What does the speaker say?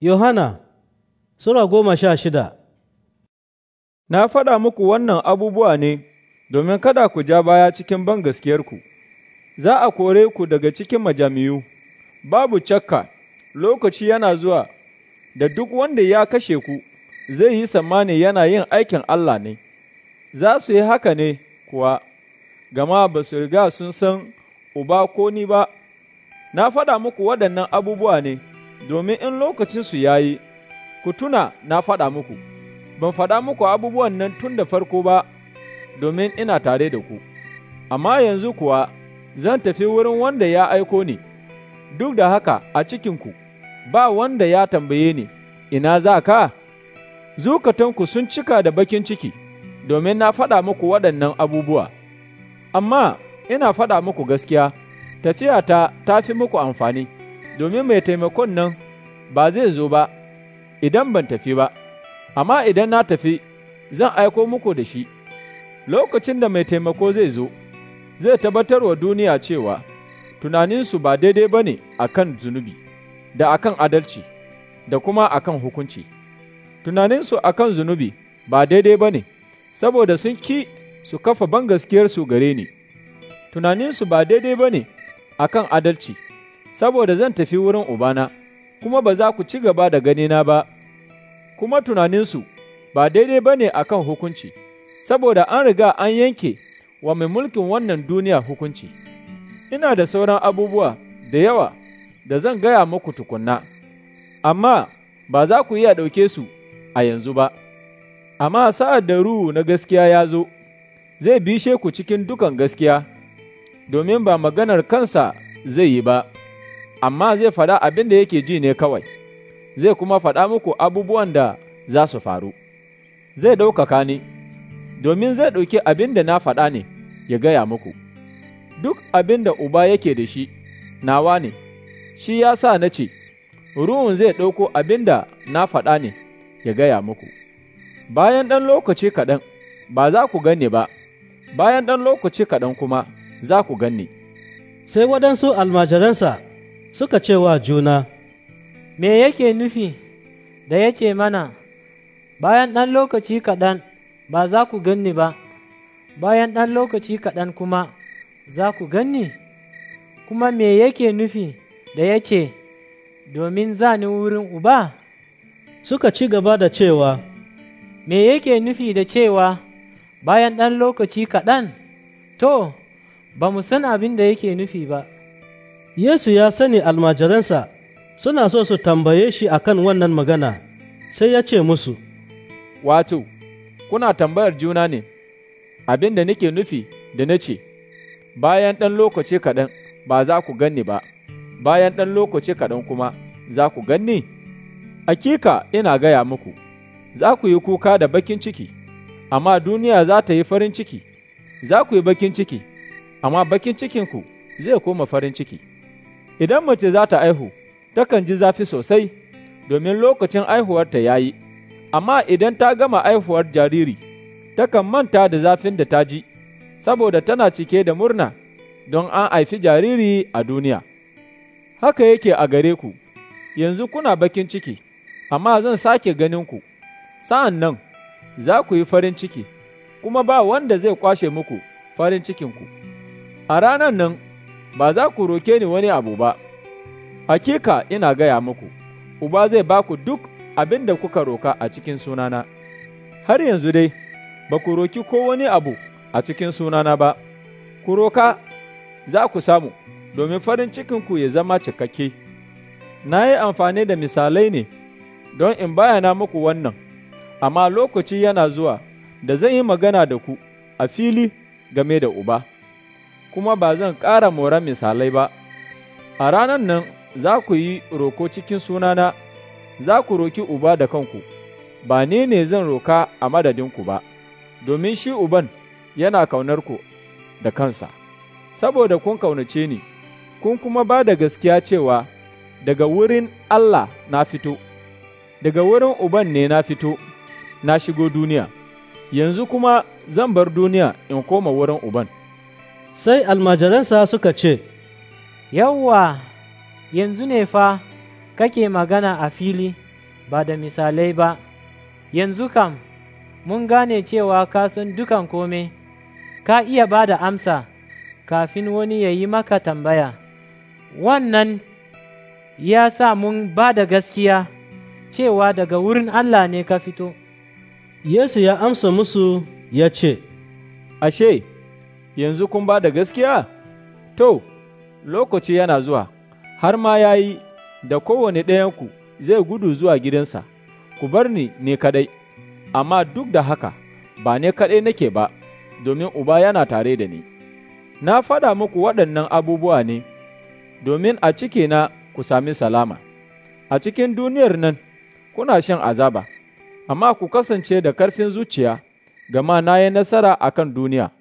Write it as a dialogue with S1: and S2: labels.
S1: Yohana Sura goma sha shida Na faɗa muku wannan abubuwa ne domin kada ku ja baya cikin ban gaskiyarku. za a kore ku daga cikin majami'u, babu cakka lokaci yana zuwa da duk wanda ya kashe ku zai yi samani yana yin aikin Allah ne, za su yi haka ne kuwa, gama ba su riga sun san uba ko ni ba, na faɗa muku waɗannan abubuwa ne. domin in lokacinsu ya yi, ku tuna na faɗa muku, ban faɗa muku abubuwan nan tun da farko ba, domin ina tare da ku, amma yanzu kuwa zan tafi wurin wanda ya aiko ni, duk da haka a cikinku ba wanda ya tambaye ni, ina za ka? Zukatanku sun cika da bakin ciki, domin na faɗa muku waɗannan abubuwa, amma ina faɗa muku gaskiya, tafiyata ta fi muku amfani. domin mai taimakon nan ba zai zo ba idan ban tafi ba, amma idan na tafi zan aiko muku da shi, lokacin da mai taimako zai zo, zai tabbatar wa duniya cewa tunaninsu ba daidai ba ne a kan zunubi, da akan adalci, da kuma akan hukunci. Tunaninsu a kan zunubi ba daidai ba ne, saboda sun ki su kafa ban gaskiyarsu gare ni, tunaninsu ba daidai ba ne a kan adalci. saboda zan tafi wurin Ubana, kuma ba za ku ci gaba da ganina ba, kuma tunaninsu ba daidai ba ne a kan hukunci, saboda an riga an yanke wa mai mulkin wannan duniya hukunci. Ina da sauran abubuwa da yawa da zan gaya muku tukunna, amma ba za ku iya ɗauke su a yanzu ba. Amma sa'ad da ruhu na gaskiya ya zo, zai bishe ku cikin dukan gaskiya, domin ba maganar kansa zai yi ba. amma zai faɗa abin da yake ji ne kawai, zai kuma faɗa muku abubuwan da za su faru. Zai ɗaukaka ni, domin zai ɗauki abin da na faɗa ne ya gaya muku. Duk abin da Uba yake da shi, nawa ne, shi ya sa na ce, Ruhun zai ɗauko abin da na faɗa ne ya gaya muku. Bayan ɗan lokaci kaɗan, ba za ku gane ba, bayan ɗan lokaci kaɗan kuma za ku ganni.
S2: Sai waɗansu almajiransa suka ce wa juna, Me yake nufi da ya ce mana, Bayan ɗan lokaci kaɗan ba za ku ganni ba, bayan ɗan lokaci kaɗan kuma za ku ganni? Kuma me yake nufi da ya ce, Domin zani wurin uba? Suka ci gaba da cewa, Me yake nufi da cewa bayan ɗan lokaci kaɗan? To, ba mu san abin da yake nufi ba. Yesu ya sani almajiransa suna so su tambaye shi akan wannan magana, sai ya ce musu, Wato, kuna tambayar
S1: juna ne, abin da nake nufi da na ce, bayan ɗan lokaci kaɗan ba za ku ganni ba, bayan ɗan lokaci kaɗan kuma za ku ganni? Akika ina gaya muku, za ku yi kuka da bakin ciki, amma duniya za ta yi farin ciki, za ku yi bakin ciki, amma bakin cikinku zai koma farin ciki. Idan mace za ta aihu, takan ji zafi sosai, domin lokacin aihuwarta ya yi, amma idan ta gama aihuwar jariri, takan manta da zafin da ta ji, saboda tana cike da murna don an haifi jariri a duniya. Haka yake a gare ku, yanzu kuna bakin ciki, amma zan sake ganin ku, sa'an nan za ku yi farin ciki, kuma ba wanda zai kwashe muku farin cikinku. A ranar nan ba za ku roke ni wani abu ba, hakika ina gaya muku, Uba zai ba ku duk abin da kuka roka a cikin sunana, har yanzu dai, ba ku roki ko wani abu a cikin sunana ba, ku roka za ku samu, domin farin cikinku ya zama cikakke. Na yi amfani da misalai ne don in bayana muku wannan, amma lokaci yana zuwa da zan yi magana da ku a fili game da Uba. kuma ba zan ƙara mora misalai ba, a ranan nan za ku yi roko cikin sunana, za ku roki uba da kanku, ba ni ne zan roka a madadinku ba, domin shi uban yana ku da kansa, saboda kun kaunace ni, kun kuma ba da gaskiya cewa daga wurin Allah na fito, daga wurin uban ne na fito, na shigo duniya, yanzu
S2: kuma zan bar duniya in koma wurin uban. sai almajiransa suka ce, Yawwa, yanzu ne fa kake magana a fili ba da misalai ba, yanzu kam mun gane cewa ka san dukan kome, ka iya ba da amsa kafin wani ya yi maka tambaya. Wannan ya sa mun ba da gaskiya cewa daga wurin Allah ne ka fito. Yesu ya amsa musu
S1: ya ce, Ashe, yanzu kun ba da gaskiya? To, lokaci yana zuwa, har ma ya yi da kowane ɗayanku zai gudu zuwa gidansa, ku bar ni ne kaɗai, amma duk da haka ba ne kaɗai nake ba, domin Uba yana tare da ni. Na faɗa muku waɗannan abubuwa ne, domin a cikina ku sami salama, a cikin duniyar nan kuna shan azaba, amma ku kasance da ƙarfin zuciya, gama na yi nasara a kan duniya.